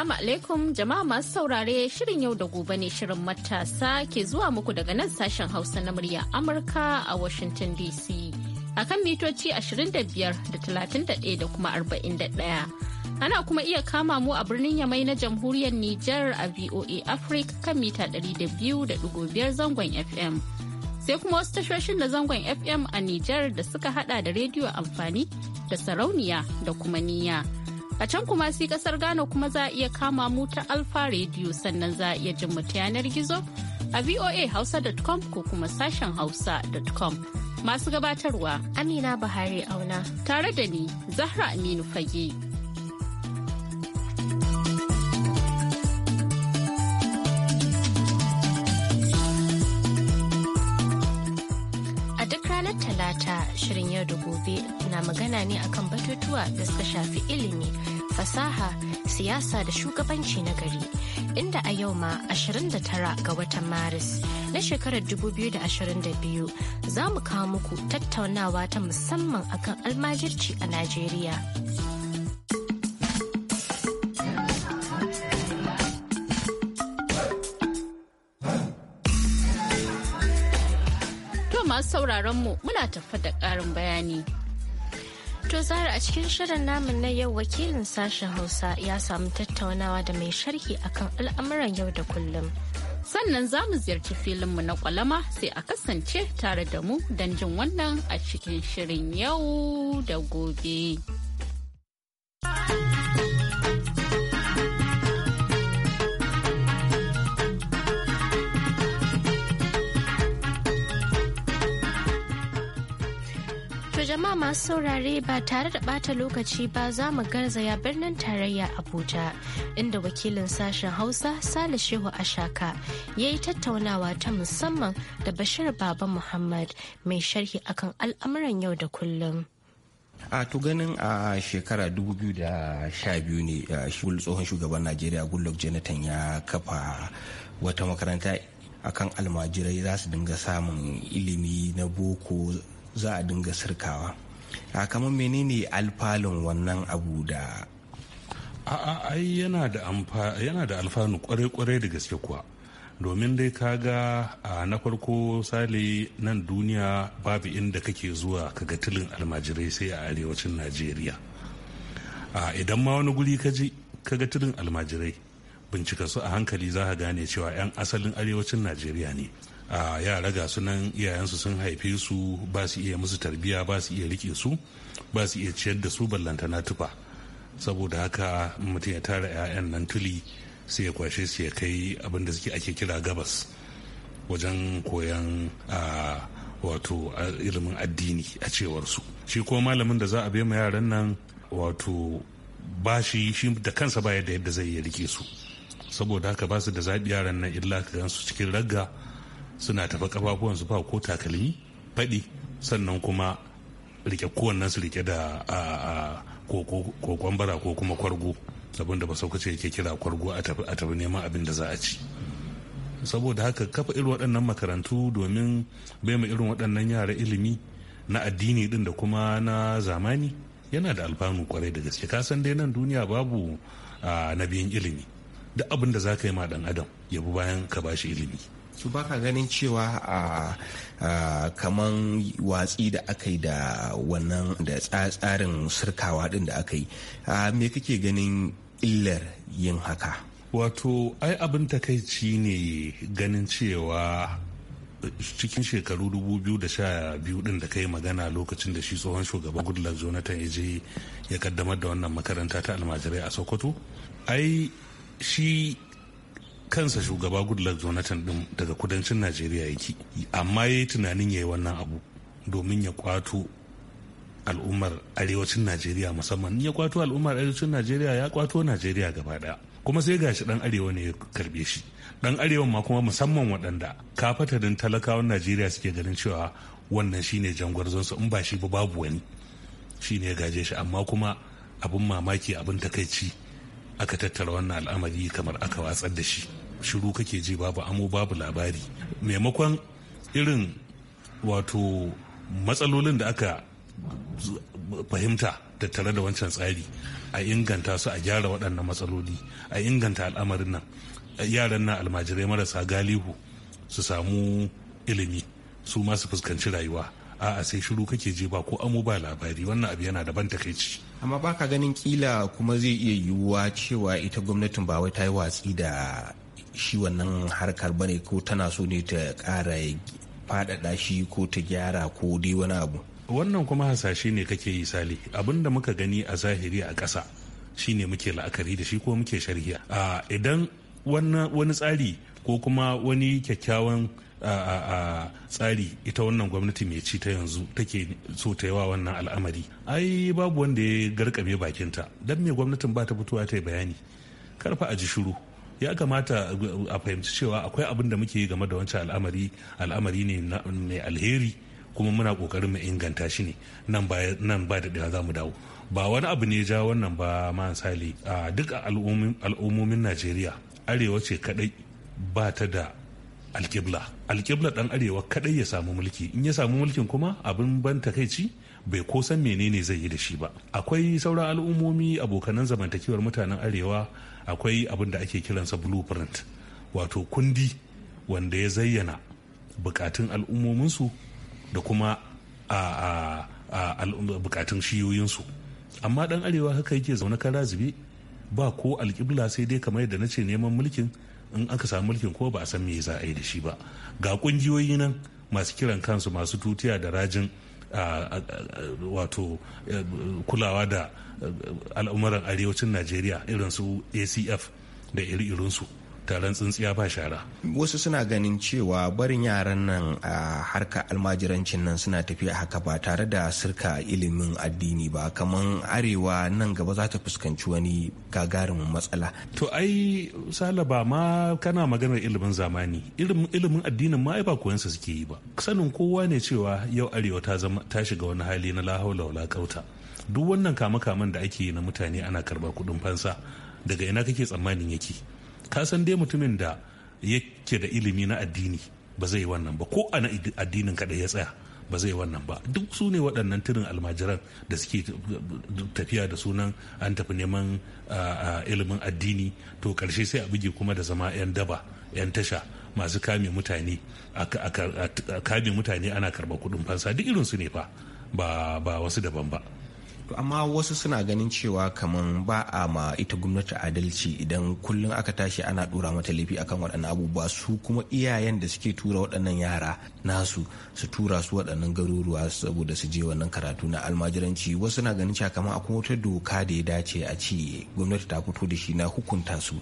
Assalamu alaikum jama'a masu saurare shirin yau da gobe ne shirin matasa ke zuwa muku daga nan sashen Hausa na murya Amurka a Washington DC. A kan mitoci 25 da 31 da kuma 41. Ana kuma iya kama mu a birnin Yamai na jamhuriyar Nijar a VOA Africa kan mita 200.5 zangon FM. sai kuma wasu tashoshin da zangon FM a Nijar da suka hada da rediyo amfani da sarauniya da kuma niyya. A can kuma sai kasar Ghana kuma za a iya kama mu ta Alfa Radio sannan za a iya jin mu ta yanar gizo a VOA Hausa.com ko kuma sashen Hausa.com. Masu gabatarwa Amina Bahari Auna tare da ni Zahra Aminu Fage. talata shirin yau da gobe na magana ne akan batutuwa da suka shafi ilimi fasaha, siyasa da shugabanci na gari. Inda a yau ma 29 ga watan Maris na shekarar 2022 za mu kawo muku tattaunawa ta musamman akan almajirci a Najeriya. sauraron mu muna tafa da ƙarin bayani. To Zara a cikin shirin namun na yau wakilin sashen Hausa ya samu tattaunawa da mai sharhi akan al'amuran yau da kullum. Sannan za mu ziyarci filinmu na kwalama sai a kasance tare da mu don jin wannan a cikin shirin yau da gobe. amma masu saurare ba tare da bata lokaci ba za mu garzaya birnin tarayya abuja inda wakilin sashen hausa sale shehu ashaka ya yi tattaunawa ta musamman da bashir baba muhammad mai sharhi akan al'amuran yau da kullum a to ganin a shekara 2012 ne tsohon shugaban najeriya goodluck jonathan ya kafa wata makaranta akan almajirai za su dinga samun ilimi na boko za a dinga sirkawa a kamar menene alfalin wannan abu da a'a ai yana da alfanu kwarai-kwarai da gaske kuwa domin dai ka ga na farko sale nan duniya babu inda kake zuwa kaga tilin almajirai sai a arewacin najeriya a idan ma wani guri kaji kaga tilin almajirai bincika su a hankali za ka gane cewa 'yan asalin arewacin najeriya ne a yara ga sunan iyayensu sun haife su ba su iya musu tarbiya ba su iya rike su ba su iya ciyar da su ballanta na tufa saboda haka mutum ya tara 'ya'yan nan tuli sai ya kwashe su ya kai abinda suke ake kira gabas wajen koyan wato ilimin addini a cewar su shi ko malamin da za a bai ma yaran nan wato ba shi shi da kansa ba yadda yadda zai yi rike su saboda haka ba su da zaɓi yaran nan illa ka gan su cikin ragga suna tafi kafafuwan su ba ko takalmi faɗi sannan kuma rike kowannensu su rike da kokon bara ko kuma kwargo abinda ba ce yake kira kwargo a tafi neman abin da za a ci saboda haka kafa irin waɗannan makarantu domin baima irin waɗannan yara ilimi na addini ɗin da kuma na zamani yana da alfanu kwarai da gaske kasan dai nan duniya babu na biyun ilimi duk abin da za ka yi ma ɗan adam ya bayan ka ba shi ilimi su baka ganin cewa a kaman watsi da aka yi da wannan da tsarin sirkawa din da aka yi me kake ganin illar yin haka wato ai abin takaici ne ganin cewa cikin shekaru 2012 din da ka yi magana lokacin da shi tsohon shugaban goodluck jonathan ya je ya kaddamar da wannan makaranta ta almajirai a sokoto ai shi kansa shugaba goodluck jonathan din daga kudancin najeriya yake amma ya yi tunanin ya yi wannan abu domin ya kwato al'ummar arewacin najeriya musamman ya kwato al'ummar arewacin najeriya ya kwato najeriya gaba daya kuma sai gashi dan arewa ne ya karbe shi dan arewa ma kuma musamman waɗanda kafatarin talakawan najeriya suke ganin cewa wannan shine jangwarzonsu in ba shi ba babu wani shine ya gaje shi amma kuma abin mamaki abin takaici aka tattara wannan al'amari kamar aka watsar da shi shiru kake ji babu amo babu labari maimakon irin wato matsalolin da aka fahimta tattare da wancan tsari a inganta su a gyara waɗannan matsaloli a inganta al'amarin nan yaran na almajirai marasa galihu su samu ilimi su masu fuskanci rayuwa a sai shiru kake je ba ko amo ba labari wannan abu yana daban takaici amma ba ka ganin kila kuma zai iya yiwuwa cewa ita gwamnatin ba wai ta yi watsi da shi wannan harkar bane ko tana so ne ta kara faɗaɗa shi ko ta gyara ko dai wani abu wannan kuma hasashe ne kake yi sale abin da muka gani a zahiri a ƙasa shine muke la'akari da shi ko muke sharhiya idan wani tsari ko kuma wani kyakkyawan a tsari ita wannan gwamnati mai ci ta yanzu take so ta yawa wannan al'amari ai babu wanda ya garkame bakinta don me gwamnatin ba ta fitowa ta yi bayani karfa a ji shiru ya kamata a fahimci cewa akwai abin da muke yi game da wancan al'amari al'amari ne mai alheri kuma muna kokarin mu inganta shi ne nan ba da ɗaya za mu dawo ba wani abu ne ja wannan ba ma sale a duk al'ummomin najeriya arewa ce kadai ba ta da alkibla alkibla dan arewa kaɗai ya samu mulki in ya samu mulkin kuma abin ban takaici bai ko san menene zai yi da shi ba akwai sauran al'ummomi abokanan zamantakewar mutanen arewa akwai abin da ake kiransa blueprint wato kundi wanda ya zayyana bukatun al'ummominsu da kuma a, bukatun shiyoyinsu amma ɗan arewa haka yake zaune kara zube ba ko alkibla sai dai kamar yadda na ce neman mulkin in aka samu mulkin ko ba a san me za a yi da shi ba ga kungiyoyi nan masu kiran kansu masu tutiya da rajin wato kulawa da al'umuran arewacin najeriya irin su acf da iri-irinsu taron tsintsiya ba shara wasu suna ganin cewa barin yaran nan a harka almajirancin nan suna tafiya haka ba tare da sirka ilimin addini ba kamar arewa nan gaba za ta fuskanci wani gagarumin matsala to ai sala ba ma kana maganar ilimin zamani ilimin addinin ma ba koyansa suke yi ba sanin kowa ne cewa yau arewa ta zama ta shiga wani hali na lahaula wala duk wannan kama-kaman da ake yi na mutane ana karba kudin fansa daga ina kake tsammanin yake ka san dai mutumin da yake da ilimi na addini ba zai wannan ba ko ana addinin kada ya tsaya ba zai wannan ba duk su ne waɗannan tirin almajiran da suke tafiya da sunan an tafi neman ilimin addini to ƙarshe sai a buge kuma da zama 'yan daba 'yan tasha masu kame mutane a kame mutane ana karɓar kuɗin fansa duk irinsu ne fa ba wasu daban ba amma wasu suna ganin cewa kamar ba a ma ita gwamnati adalci idan kullum aka tashi ana dora mata laifi akan waɗannan abubuwa su kuma iyayen da suke tura waɗannan yara nasu su tura su waɗannan garuruwa saboda su je wannan karatu na almajiranci wasu na ganin cewa kamar akwai wata doka da ya dace a ce gwamnati ta fito da shi na hukunta su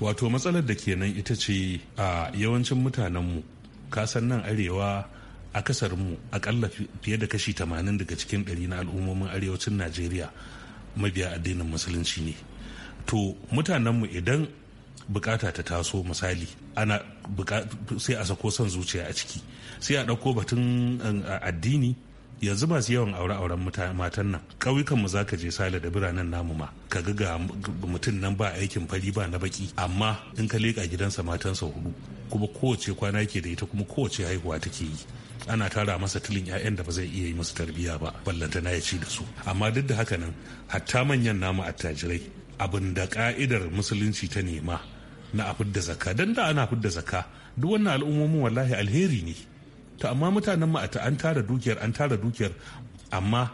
wato matsalar da kenan ita ce a yawancin mutanenmu kasan nan arewa akasarinmu akalla fiye da kashi 80 daga cikin ɗari na al'ummomin arewacin najeriya mabiya addinin musulunci ne to mutanenmu idan bukata ta taso misali ana sai a sako son zuciya a ciki sai a ɗauko batun eh, addini yanzu masu yawan aure-auren matan nan Ƙauyukanmu za ka je sale da biranen namu ma ka ga ga mutum nan ba aikin fari ba na baki amma in ka leƙa gidansa matan matansa hudu kuma kowace kwana ke da ita kuma kowace haihuwa take yi ana tara masa tilin 'ya'yan da ba zai iya yi musu tarbiyya ba ballanta na ya ci da su amma duk da haka nan hatta manyan namu attajirai abin da ka'idar musulunci ta nema na afidda zakka don da ana afidda zakka duk wannan al'ummomin wallahi alheri ne to amma mutanen mu an tara dukiyar an tara dukiyar amma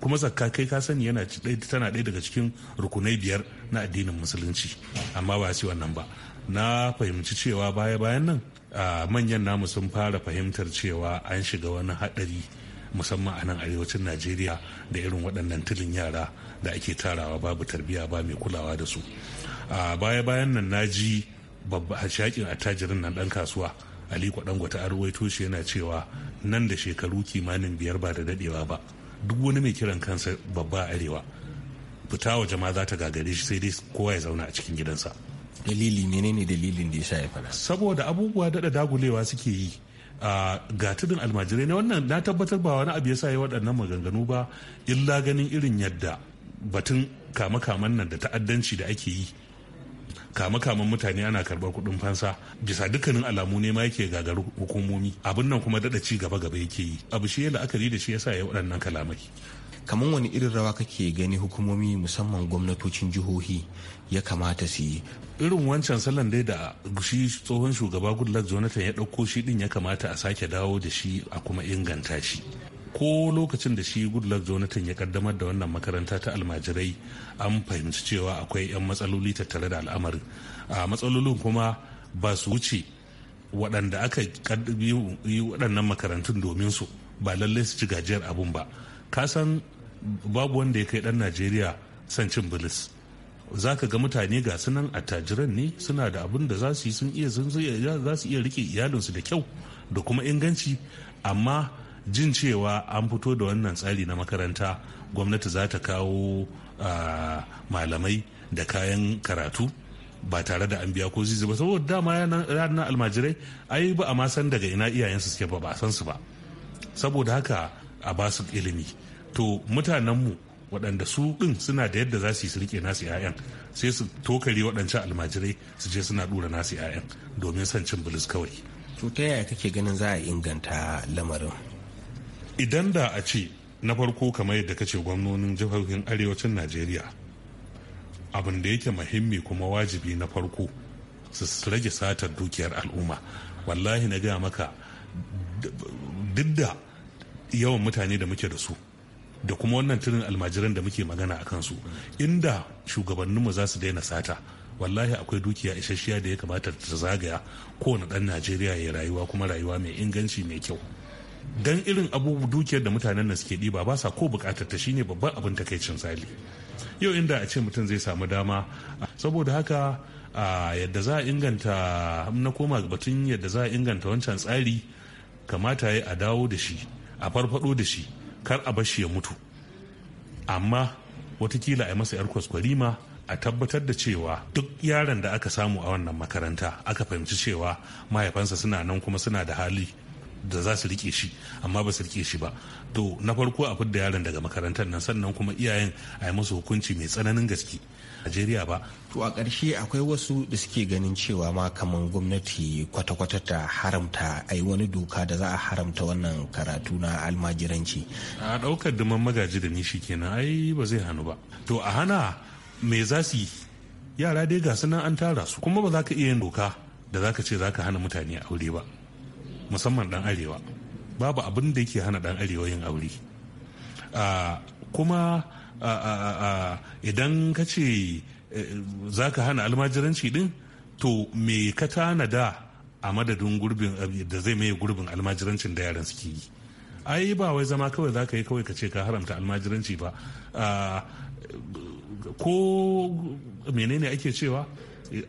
kuma zakka kai ka sani yana tana ɗaya daga cikin rukunai biyar na addinin musulunci amma ba ci wannan ba na fahimci cewa baya bayan nan manyan namu sun fara fahimtar cewa an shiga wani haɗari musamman a nan arewacin najeriya da irin waɗannan tilin yara da ake tarawa babu tarbiyya ba mai kulawa da su baya bayan nan na ji babba a shaƙin attajirin nan ɗan kasuwa aliko dangote gwata arwaito shi yana cewa nan da shekaru kimanin biyar ba da dadewa ba duk wani mai kiran kansa babba arewa fita wa jama'a za ta gagare shi sai dai kowa ya zauna a cikin gidansa dalili menene dalilin da ya sa ya fara saboda abubuwa dada dagulewa suke yi a ga almajirai ne wannan na tabbatar ba wani abu ya sa ya waɗannan maganganu ba illa ganin irin yadda batun kama-kaman nan da ta'addanci da ake yi kama-kaman mutane ana karɓar kuɗin fansa bisa dukkanin alamu ne ma yake gagar hukumomi abin nan kuma daɗa ci gaba gaba yake yi abu shi ya la'akari da shi yasa ya waɗannan kalamai kamar wani irin rawa kake gani hukumomi musamman gwamnatocin jihohi ya kamata su yi irin wancan salon dai da shi tsohon shugaba goodluck jonathan ya ɗauko shi din ya kamata a sake dawo da shi a kuma inganta shi ko lokacin da shi goodluck jonathan ya kaddamar da wannan makaranta ta almajirai an fahimci cewa akwai 'yan matsaloli tattare da al'amarin a matsalolin kuma ba su wuce waɗanda aka yi waɗannan makarantun domin su ba lallai su ci gajiyar abun ba ka san babu wanda ya kai ɗan najeriya san cin bilis za ka ga mutane ga sunan attajiran ne suna da abun da za su yi sun iya za su iya rike iyalinsu da kyau da kuma inganci amma jin cewa an fito da wannan tsari na makaranta gwamnati za ta kawo ah, malamai da kayan karatu ba tare da an biya ko zizi ba saboda dama na almajirai ai ba a ma daga ina iyayensu suke ba ba san su ba saboda haka a ba su ilimi to mutanenmu waɗanda su ɗin suna da yadda za su yi su rike nasu 'ya'yan sai su tokare waɗancan almajirai su je suna ɗura nasu 'ya'yan domin son cin bilis kawai to ta yaya kake ganin za a inganta lamarin idan da a ce na farko kamar yadda kace gwamnonin jihohin arewacin najeriya abin da yake muhimmi kuma wajibi na farko su rage satar dukiyar al'umma wallahi na gaya maka duk da yawan mutane da muke da su da kuma wannan turin almajiran da muke magana a kansu inda shugabanninmu za su daina sata wallahi akwai dukiya isasshiya da ya kamata ta zagaya kowane ɗan najeriya ya rayuwa kuma rayuwa mai inganci mai kyau dan irin abubuwa dukiyar da mutanen nan suke ɗiba ba sa ko bukatar ta shine babban abin takaicin sali yau inda a ce mutum zai samu dama saboda haka a yadda za a inganta na koma batun yadda za a inganta wancan tsari kamata ya a dawo da shi a farfado da shi kar a bashi ya mutu amma watakila a yi masa 'yar kwaskwarima a tabbatar da cewa duk yaron da aka samu a wannan makaranta aka fahimci cewa mahaifansa suna nan kuma suna da hali da za su rike shi amma ba su rike shi ba to na farko a fidda yaron daga makarantar nan sannan kuma iyayen a yi musu hukunci mai tsananin gaske Najeriya ba. To a ƙarshe akwai wasu da suke ganin cewa ma kamar gwamnati kwata-kwata ta haramta a yi wani doka da za a haramta wannan karatu na almajiranci. A ɗaukar duman magaji da nishi kenan ai ba zai hannu ba. To a hana me za su yi yara dai ga nan an tara su kuma ba za ka iya yin doka da za ka ce za ka hana mutane aure ba. musamman dan arewa babu abin da yake hana dan arewa yin aure kuma idan ka ce eh, za ka hana almajiranci din to me ka tanada a madadin gurbin eh, da zai maye gurbin almajirancin da yaran suke yi ai ba wai zama kawai za ka yi kawai ka ce ka haramta almajiranci ba ko menene ake cewa eh,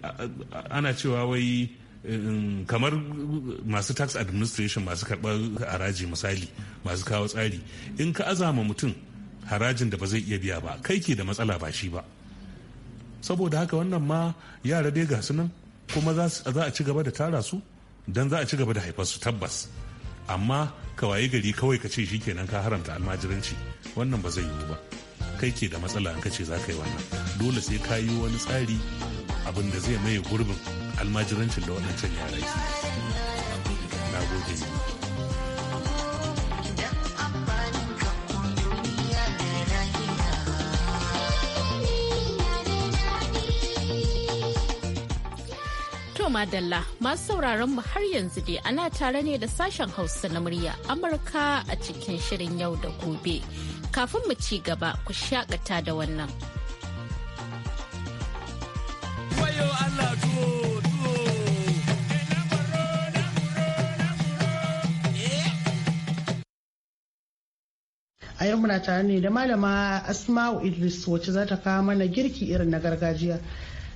ana cewa wai Eh, kamar masu tax administration masu karɓar haraji misali masu kawo tsari in ka azama mutum harajin da ba zai iya biya ba kai ke da matsala ba shi ba saboda haka wannan ma yara dai ga su nan kuma za a ci gaba da tara su don za a ci gaba da haifar su tabbas amma ka waye gari kawai ka ce kenan ka haramta almajiranci wannan ba zai yiwu ba kai ke da matsala in ka ce za ka yi wannan dole sai ka yi wani tsari abin da zai maye gurbin almajirancin da waɗancan yara yi na gode Madalla masu sauraron mu har yanzu dai ana tare ne da sashen Hausa na murya Amurka a cikin shirin yau da gobe. Kafin mu ci gaba ku shakata da wannan. a yau muna tare ne da malama asma'u idris wacce za ta kawo mana girki irin na gargajiya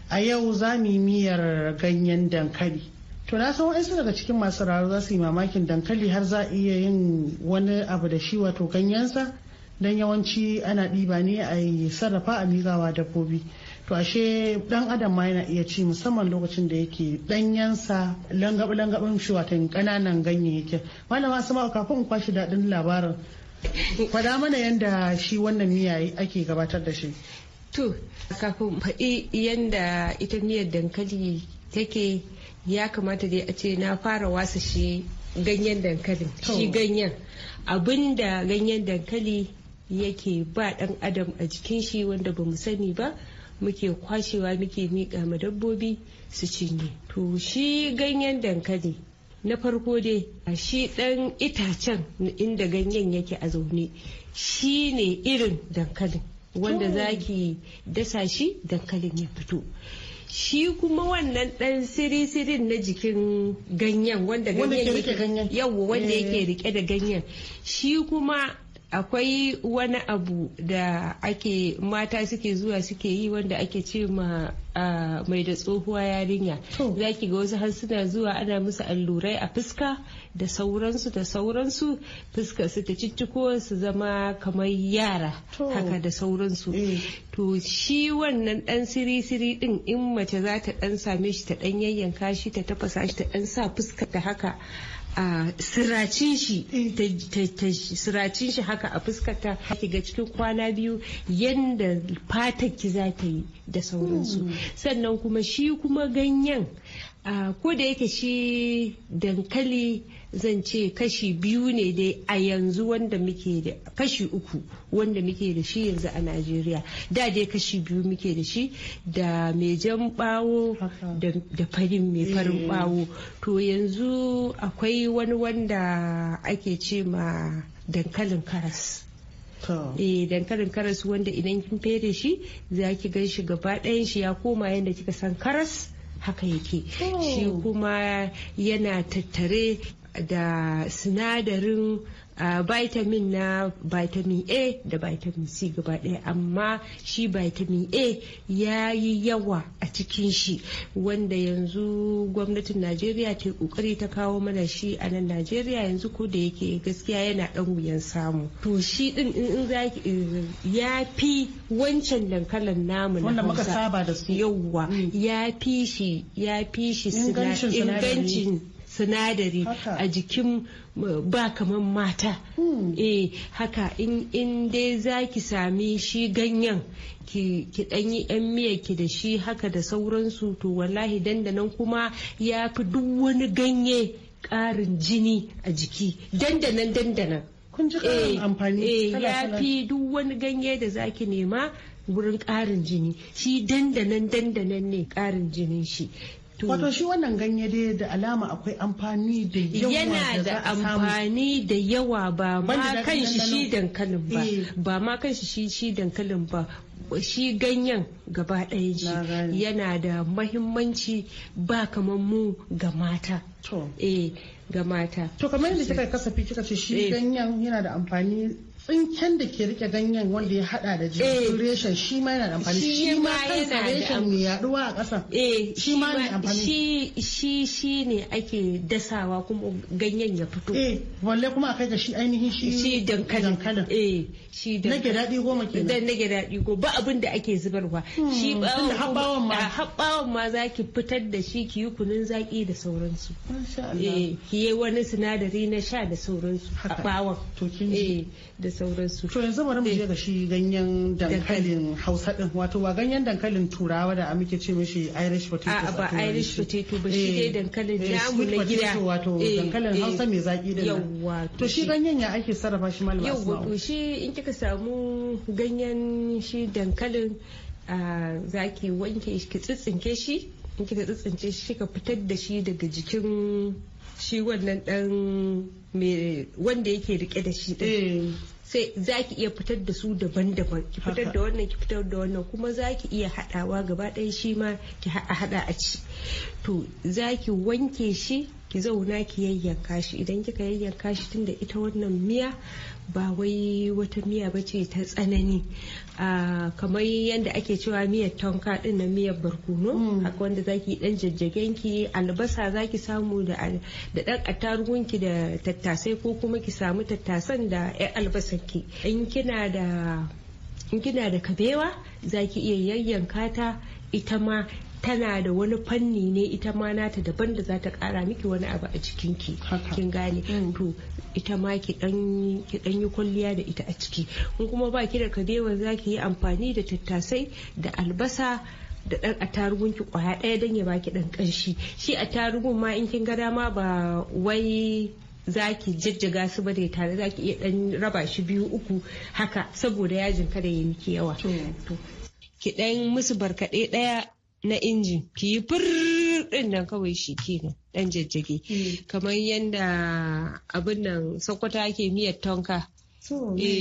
a yau za mu miyar ganyen dankali to na san wasu daga cikin masu raro za su yi mamakin dankali har za iya yin wani abu da shi wato ganyensa don yawanci ana ɗiba ne a yi sarrafa a migawa dabbobi to ashe dan adam ma yana iya ci musamman lokacin da yake danyensa langabi-langabin shi watan kananan yake malama sama kafin kwashe daɗin labarin Faɗa mana yadda shi wannan miya ake gabatar da shi. To, kafin faɗi yadda ita miyar dankali take ya kamata dai a ce na fara wasa shi ganyen dankalin. Shi ganyen. Abinda ganyen dankali yake ba ɗan adam a jikin shi wanda ba mu sani ba muke kwashewa muke miƙa ma dabbobi su cinye. To, shi ganyen dankali na farko dai a shi ɗan itacen inda ganyen yake a zaune shi ne irin dankalin wanda za ki dasa shi dankalin ya fito shi kuma wannan ɗan siri-sirin na jikin ganyen wanda ganyen yake yawo wanda yake eh. rike da ganyen shi kuma akwai wani abu da ake mata suke zuwa suke yi wanda ake ce ma mai da tsohuwa yarinya za ki ga wasu harsuna zuwa ana musu allurai a fuska da sauransu da sauransu fuska su ta cicciko su zama kamar yara haka da sauransu eh. to shi wannan dan siri-siri din in mace za ta dan same shi ta dan yayyanka shi ta tafasa shi ta dan sa fuska ta haka a siracin shi haka a fuskata ki ga cikin kwana biyu yanda fatar ki za ta yi da sauransu hmm. sannan kuma shi kuma ganyen ko da yake shi dankali zan ce kashi biyu ne dai a yanzu wanda muke da kashi uku wanda muke da shi yanzu a najeriya da dai kashi biyu muke da shi da mai jan bawo da farin mai farin bawo eh. to yanzu akwai wani wanda ake ce ma dankalin karas eh dankalin karas wanda idan kin fere shi za ki gan shi gaba ɗayan shi ya koma yadda kika san karas haka yake oh. shi kuma yana tattare da sinadarin vitamin na vitamin a da vitamin c gaba ɗaya amma shi vitamin a ya yi yawa a cikin shi wanda yanzu gwamnatin najeriya ta kokari ta kawo mana shi a nan najeriya yanzu ko da yake gaskiya yana ɗan wuyan samu to shi ɗin in za ya fi wancan dankalin namu na hausa yawa mm. ya fi shi ya fi shi ingancin sinadari a jikin uh, ba kaman mata hmm. eh haka in dai za ki sami shi ganyen ki ɗanyi 'yan ki da shi haka da sauransu to wallahi dandanan kuma ya fi duk wani ganye ƙarin jini a jiki dandanan dandanan kun ji karin eh, amfani eh, ya fi duk wani ganye da zaki nema wurin ƙarin jini shi dandanan dandanan ne ƙarin jinin shi Wato shi wannan ganye dai da alama akwai amfani da yawa Yana da amfani da yawa ba ma kan shi shi dankalin ba. Eh. Ba ma kan shi shi shi dankalin ba. Shi ganyen gaba ɗaya ji yana da mahimmanci ba kamar mu ga mata. Eh ga mata. To kamar yadda kika kasafi kika ce shi eh. ganyen yana da amfani tsinken da ke rike ganyen wanda ya hada da eh, jirgin reshen shi ma yana da amfani shi ma kansa reshen mai yaduwa a kasa shi ma ne amfani eh, shi shi ne ake dasawa kuma ganyen ya fito eh walle kuma akai da shi ainihin shi shi dankalin eh shi dankalin nage dadi goma kenan dan nage dadi goma ba abin da ake zubarwa hmm, shi habbawan ma habbawan ma zaki fitar da shi ki yi kunun zaki da sauransu eh ki yi wani sinadari na sha da sauransu habbawan to kin eh, sauransu to yanzu bari mu je eh. ga shi ganyen dankalin hausa din wato ba ganyen dankalin turawa da muke ce mishi irish potato A'a ba irish potato ba shi eh. dai dankalin eh, namu na gida wato dankalin hausa mai zaki din Yawwa. to shi ganyen ya ake sarrafa shi malama Yawwa to shi in kika samu ganyen shi dankalin ah, zaki wanke ki tsitsinke shi in kika tsitsince shi ka fitar da shi daga jikin shi wannan dan wanda yake rike da shi din sai za ki iya fitar da su daban-daban ki fitar da wannan ki fitar da wannan kuma za ki iya haɗawa gaba ɗaya shi ma ki haɗa a ci to za ki wanke shi ki zauna ki yayyanka shi idan kika yayyanka shi tunda ita wannan miya ba wai wata miya ba ce ta tsanani kamar yadda ake cewa miyar tonka din na miyar barkono haka mm. wanda zaki dan jajjagen ki albasa zaki samu da da dan attarugun ki da tattasai ko kuma ki samu tattasan da yan albasan ki in kina da in kina da kabewa zaki iya yayyanka ta ita ma tana da wani fanni ne ita ma nata daban da za ta kara miki wani abu a cikin ki kin gane mm. to ita ma ki dan ki dan yi kwalliya da ita a ciki kun kuma ba ki da kabewa za ki yi amfani da tattasai da albasa da dan attarugun ki kwaya daya dan ya baki dan kanshi shi attarugun ma in kin ga dama ba wai zaki ki jijjiga su ba da tare zaki iya dan raba shi biyu uku haka saboda yajin kada ya miki yawa ki dan musu barkade ɗaya na injin ki yi fir din nan kawai shi kenan dan jajjage hmm. kamar yadda abin nan sokoto ake miyar tonka eh,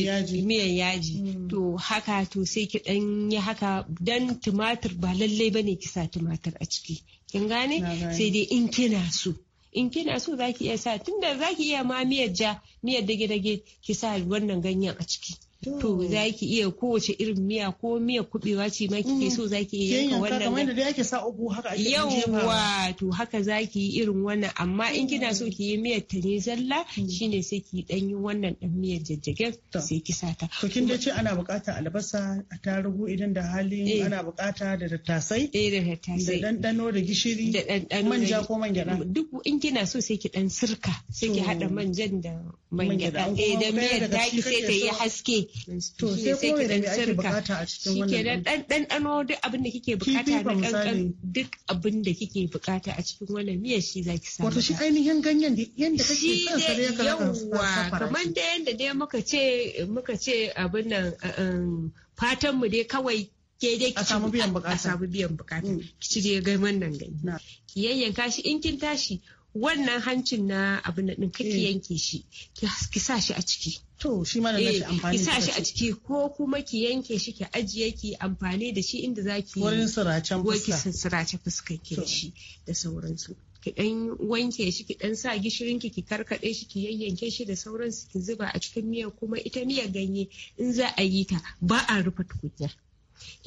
miyan yaji hmm. to haka to sai ki dan yi haka dan tumatir ba lallai ba ne kisa tumatir a ciki kin gane sai dai in kina so in kina so zaki iya sa tunda zaki iya ma miyar ja miyar dage-dage ki sa wannan ganyen a ciki to za ki iya kowace irin miya ko miya kubewa ce ma kike so mm. za ki iya yanka wannan kamar da yake sa ugu haka ake yawwa to haka za ki yi irin wannan amma in kina so ki yi miyar ta ne zalla mm. shine sai ki dan yi wannan dan miyar jajjagen sai ki sa ta to kin dace ana bukata albasa a tarugu idan da hali eh. ana bukata da tattasai eh da tattasai da dandano da gishiri da dandano manja ko man gyada duk in kina so sai ki dan sirka sai ki hada manjan da man gyada eh da miyar daki sai ta yi haske to sai ko me da ake bukata a cikin wannan shikenan dan dan dano duk abin da kike bukata na kankan duk abin da kike bukata a cikin wannan miyar shi zaki samu wato shi ainihin ganyen da yanda kake sa ya kamar da yanda dai muka ce muka ce abin nan eh, eh, fatan mu dai kawai ke dai ki samu biyan bukata mm. ki ci dai gaiman nan gani ki yayyanka shi in kin tashi wannan hancin na abin din kake eh. yanke shi ki sa shi a ciki to shi ma da nashi eh, amfani ki sa shi a ciki ko kuma ki yanke shi ki ajiye ki amfani da shi inda zaki wurin siracen fuska wurin siracen fuskar ki da shi da sauransu ki dan wanke shi ki dan sa gishirin ki ki karkade shi ki yayyanke shi da sauransu ki zuba a cikin miyar kuma ita miyar ganye in za a yi ta ba a rufe tukunya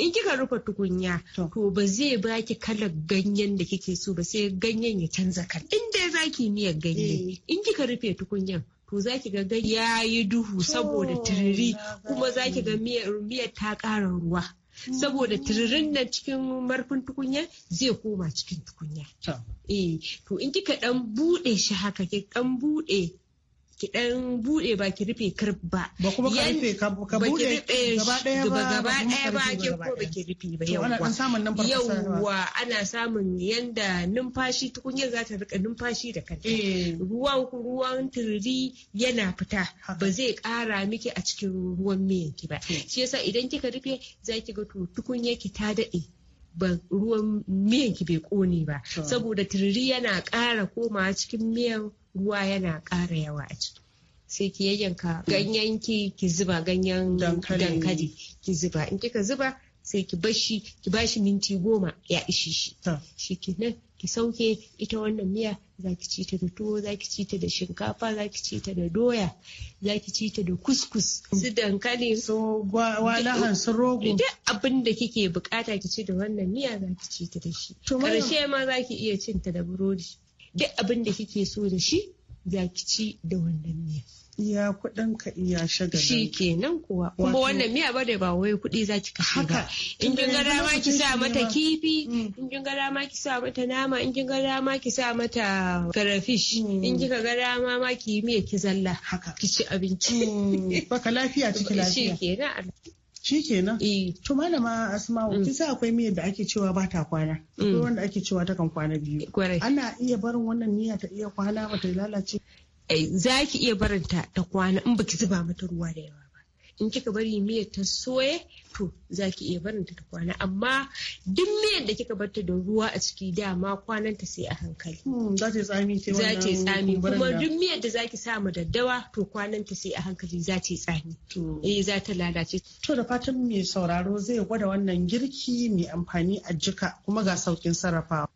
in kika rufe tukunya to ba zai baki kalar ganyen da kike so ba sai ganyen ya canza kala in zaki miyar ganye eh. in kika rufe tukunyar to za ki ga ganye ya yi duhu saboda tiriri kuma za ga miyar ta ƙara ruwa mm. saboda tiririn nan cikin marfin tukunya zai koma cikin tukunya. Eh, to in kika dan bude shi haka ki dan bude ki dan bude ba ki rufe kirf ba ba kuma ka rufe ka bude gaba daya ba gaba daya ba ki ko ba ki rufe ba yawwa yawwa ana samun yanda numfashi tukunya za ta rika numfashi da kanta eh. ruwan ruwan turi yana fita ba zai kara miki a cikin ruwan miyanki ba shi yasa idan kika rufe za ki ga to tukunya ki ta dade ruwan miyan ki bai kone ba saboda turiri yana ƙara komawa cikin miyan ruwa yana ƙara yawa a ciki sai ki yayyanka ganyen ki ki zuba ganyen dankali ki zuba in kika zuba sai ki bashi ki bashi minti goma ya ishi shi shikenan ki sauke ita wannan miya ki ci ta da tuwo ki ci ta da shinkafa zaki ci ta da doya ki ci ta da kuskus su dankali su walahan su rogo duk abin da kike bukata ki ci da wannan miya ki ci ta da shi karshe ma zaki iya cin ta da burodi duk abin da kike so da shi ya kici da wannan miya. Iya kuɗin ka iya shagalin. Shi kenan kuwa. Kuma wannan miya ba da ba wai kuɗi za ki kashe ba. In kin ga dama ki sa mata kifi, mm. in kin ga dama ki sa mata nama, in kin ga dama ki sa mata karafish, mm. in kika ga dama ma ki yi miya ki zalla. Haka. Ki ci abinci. Mm. Baka lafiya ciki lafiya. Shi kenan. Shi kenan. Eh. To malama Asma'u mm. kin akwai miyar da ake cewa ba ta kwana. Mm. Akwai wanda ake cewa ta kan kwana biyu. Ana iya barin wannan miya ta iya kwana ba ta lalace. Eh, za ki iya barinta ta kwana in baki zuba mata ruwa da yawa. in kika bari miyar ta soye to za ki iya barin ta kwana amma duk miyar da kika barta da ruwa a ciki dama kwanan hmm, ta sai a hankali za ta tsami kuma duk miyar da zaki samu samu daddawa to kwanan ta sai a hankali za ta tsami eh za ta lalace to da fatan mai sauraro zai gwada wannan girki mai amfani a jika kuma ga saukin sarrafawa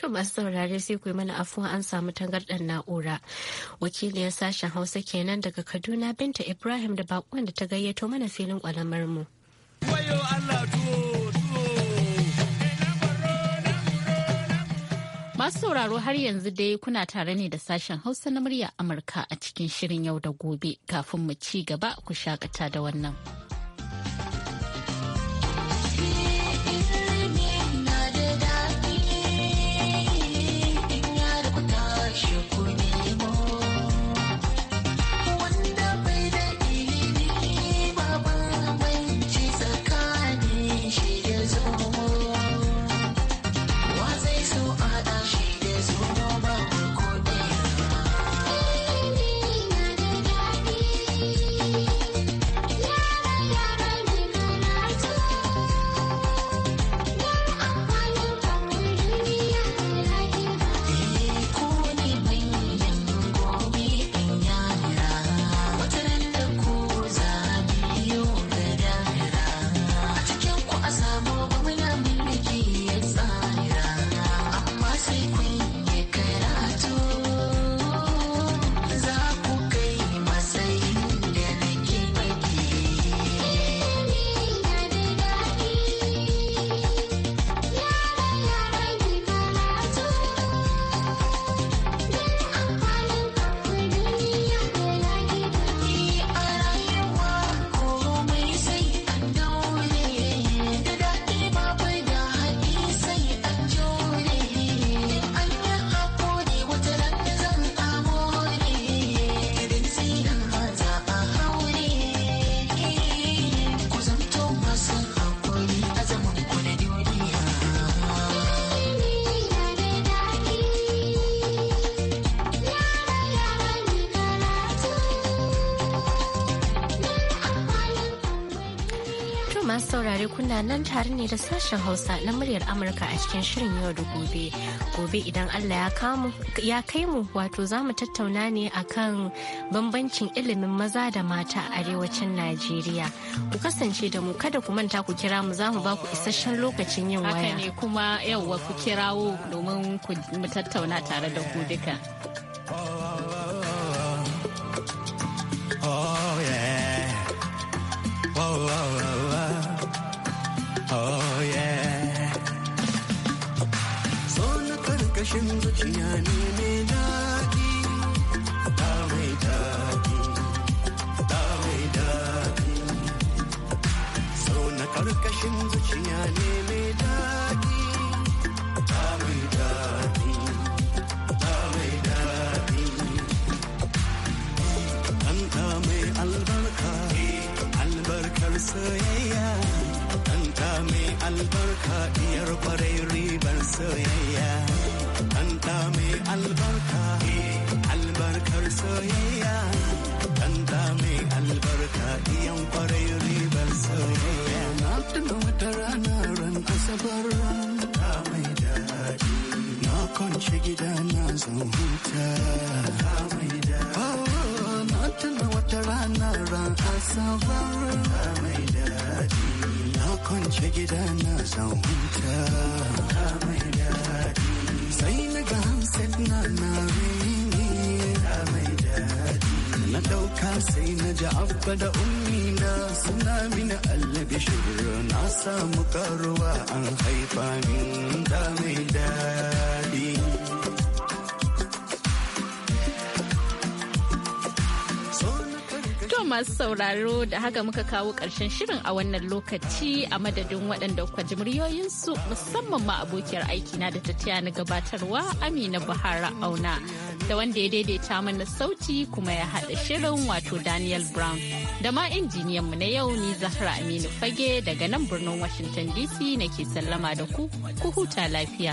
To masu saurare sai ku yi mana afuwa an samu tangarɗar na'ura. Wakiliyar sashen Hausa kenan daga Kaduna Binta Ibrahim da bakon da ta gayyato mana filin kwalamar mu. Masu sauraro har yanzu dai kuna tare ne da sashen Hausa na murya Amurka a cikin shirin yau da gobe kafin mu ci gaba ku shakata da wannan. saurare kuna nan tare ne da sashen Hausa na muryar Amurka a cikin shirin yau da gobe. Gobe idan Allah ya kai mu wato za mu tattauna ne akan bambancin ilimin maza da mata a arewacin Najeriya. Ku kasance da mu kada ku manta ku kira mu za mu ba ku isasshen lokacin yin waya. Haka ne kuma wa ku kirawo domin ku tattauna tare da ku duka. abba da ummina suna mini allabi shiru na samu karuwa an haifa min da mai daɗi. masu sauraro da haka muka kawo ƙarshen shirin a wannan lokaci a madadin waɗanda kwa muryoyinsu musamman ma abokiyar aiki na da ta na gabatarwa Amina buhari Auna da wanda ya daidaita mana sauti kuma ya haɗa shirin wato Daniel Brown da ma injiniyan mu na yau ni Zahra Aminu Fage daga nan birnin Washington DC nake sallama da ku ku huta lafiya.